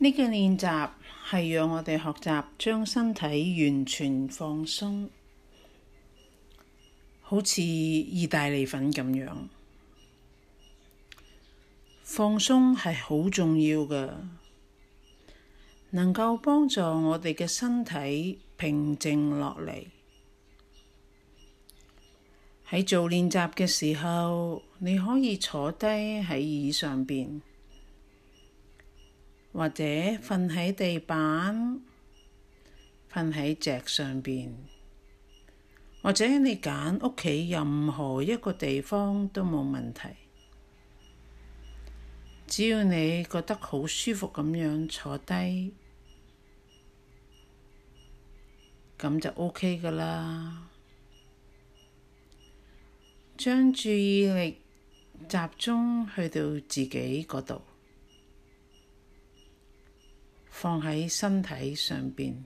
呢個練習係讓我哋學習將身體完全放鬆，好似意大利粉咁樣。放鬆係好重要嘅，能夠幫助我哋嘅身體平靜落嚟。喺做練習嘅時候，你可以坐低喺椅上邊，或者瞓喺地板，瞓喺席上邊，或者你揀屋企任何一個地方都冇問題，只要你覺得好舒服咁樣坐低，咁就 OK 噶啦。將注意力集中去到自己嗰度。放喺身體上邊。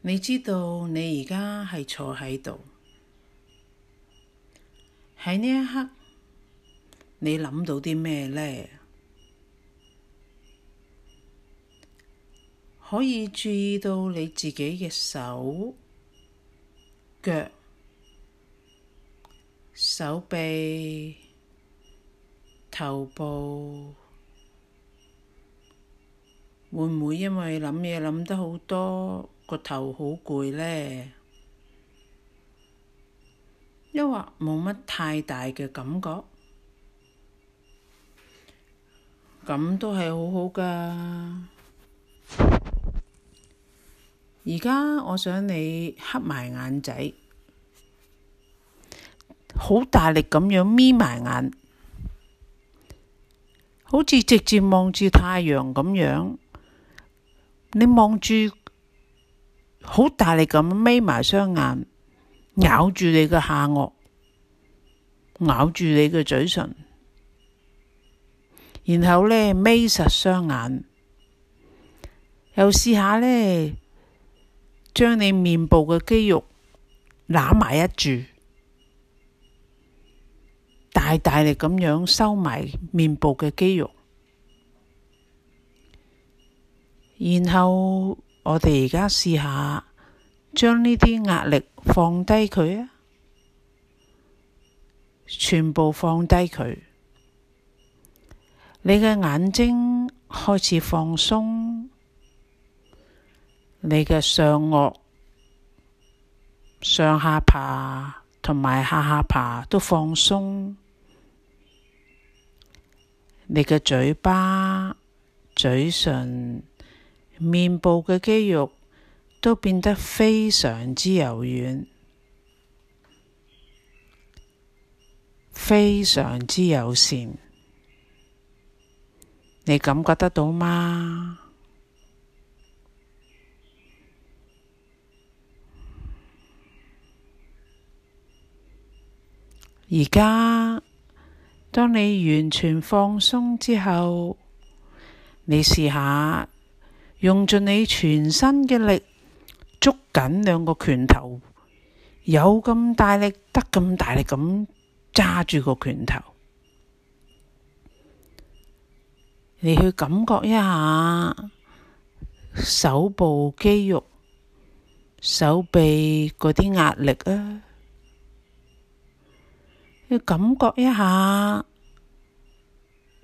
你知道你而家係坐喺度，喺呢一刻，你諗到啲咩呢？可以注意到你自己嘅手腳。腳手臂、頭部會唔會因為諗嘢諗得好多，個頭好攰呢？抑或冇乜太大嘅感覺，咁都係好好㗎。而家我想你黑埋眼仔。好大力咁樣眯埋眼，好似直接望住太陽咁樣。你望住，好大力咁眯埋雙眼，咬住你嘅下顎，咬住你嘅嘴唇，然後呢眯實雙眼，又試下呢將你面部嘅肌肉攬埋一住。大大力咁樣收埋面部嘅肌肉，然後我哋而家試下將呢啲壓力放低佢啊！全部放低佢。你嘅眼睛開始放鬆，你嘅上顎、上下扒同埋下下扒都放鬆。你嘅嘴巴、嘴唇、面部嘅肌肉都變得非常之柔軟，非常之友善。你感覺得到嗎？而家。當你完全放鬆之後，你試下用盡你全身嘅力，捉緊兩個拳頭，有咁大力，得咁大力，噉揸住個拳頭，你去感覺一下手部肌肉、手臂嗰啲壓力啊！要感覺一下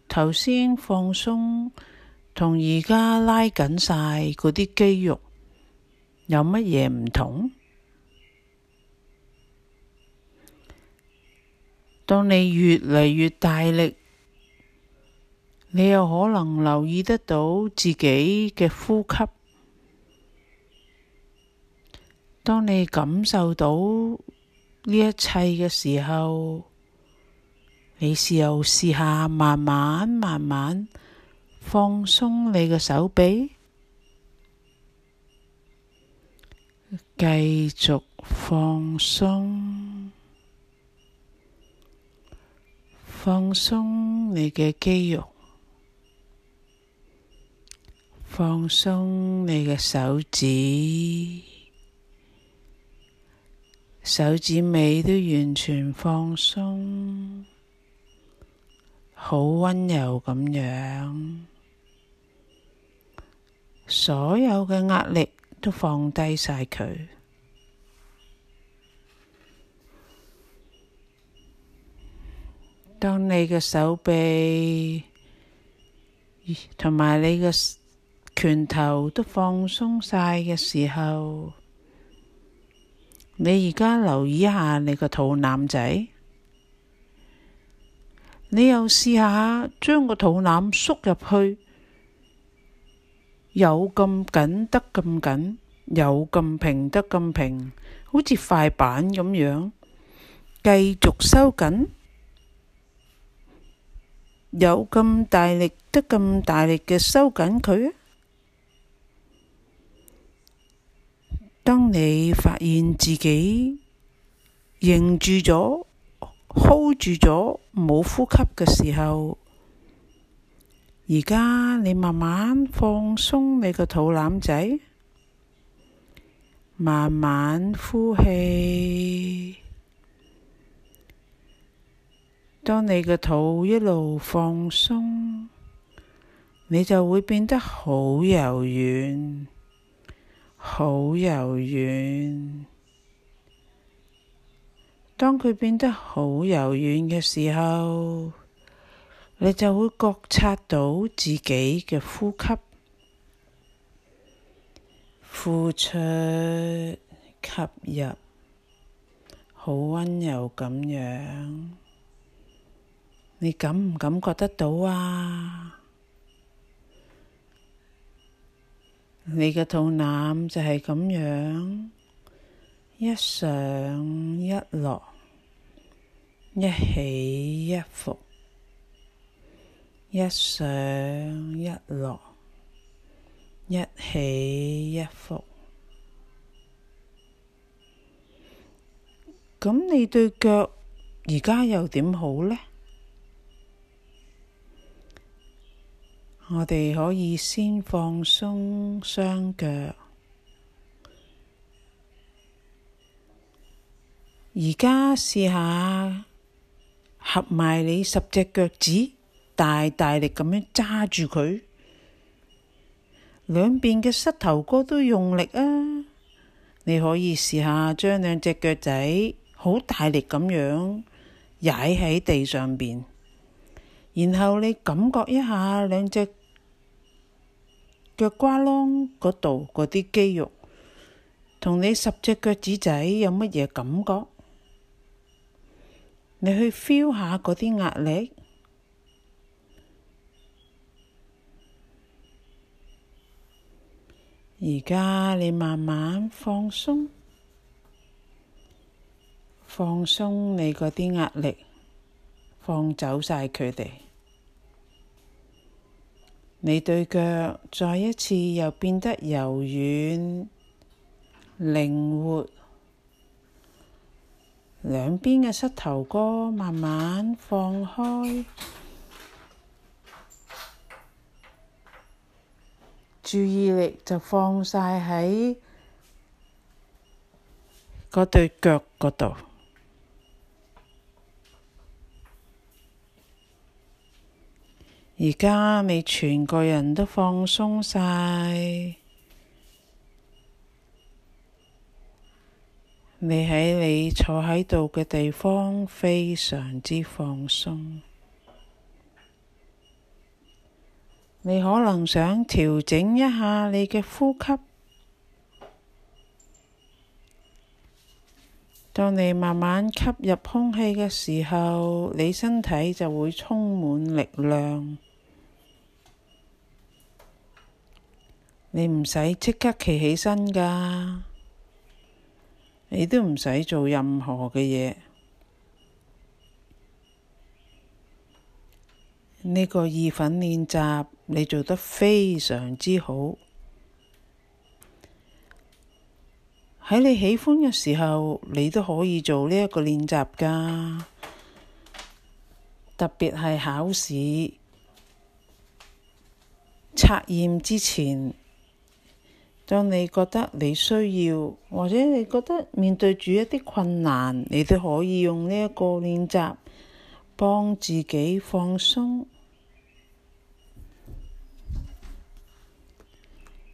頭先放鬆同而家拉緊晒嗰啲肌肉有乜嘢唔同？當你越嚟越大力，你又可能留意得到自己嘅呼吸。當你感受到呢一切嘅時候，你試又試下，慢慢，慢慢放鬆你嘅手臂，繼續放鬆，放鬆你嘅肌肉，放鬆你嘅手指，手指尾都完全放鬆。好溫柔咁樣，所有嘅壓力都放低晒佢。當你嘅手臂同埋你嘅拳頭都放鬆晒嘅時候，你而家留意下你個肚腩仔。你又試下將個肚腩縮入去，有咁緊得咁緊，有咁平得咁平，好似塊板咁樣，繼續收緊，有咁大力得咁大力嘅收緊佢啊！當你發現自己認住咗，hold 住咗冇呼吸嘅時候，而家你慢慢放鬆你個肚腩仔，慢慢呼氣。當你個肚一路放鬆，你就會變得好柔軟，好柔軟。當佢變得好柔軟嘅時候，你就會覺察到自己嘅呼吸，呼出、吸入，好溫柔咁樣。你感唔感覺得到啊？你嘅肚腩就係咁樣。一上一落，一起一伏；一上一落，一起一伏。咁你對腳而家又點好呢？我哋可以先放鬆雙腳。而家試下合埋你十隻腳趾，大大力咁樣揸住佢，兩邊嘅膝頭哥都用力啊！你可以試下將兩隻腳仔好大力咁樣踩喺地上邊，然後你感覺一下兩隻腳瓜窿嗰度嗰啲肌肉，同你十隻腳趾仔有乜嘢感覺？你去 feel 下嗰啲壓力，而家你慢慢放鬆，放鬆你嗰啲壓力，放走晒佢哋。你對腳再一次又變得柔軟、靈活。兩邊嘅膝頭哥慢慢放開，注意力就放晒喺嗰對腳嗰度。而家你全個人都放鬆晒。你喺你坐喺度嘅地方非常之放鬆。你可能想調整一下你嘅呼吸。當你慢慢吸入空氣嘅時候，你身體就會充滿力量。你唔使即刻企起身㗎。你都唔使做任何嘅嘢，呢個意粉練習你做得非常之好。喺你喜歡嘅時候，你都可以做呢一個練習噶。特別係考試、測驗之前。當你覺得你需要，或者你覺得面對住一啲困難，你都可以用呢一個練習幫自己放鬆。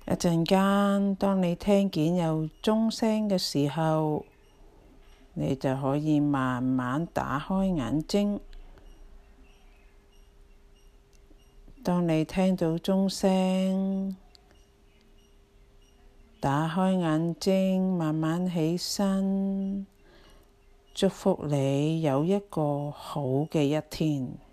一陣間，當你聽見有鐘聲嘅時候，你就可以慢慢打開眼睛。當你聽到鐘聲，打開眼睛，慢慢起身，祝福你有一個好嘅一天。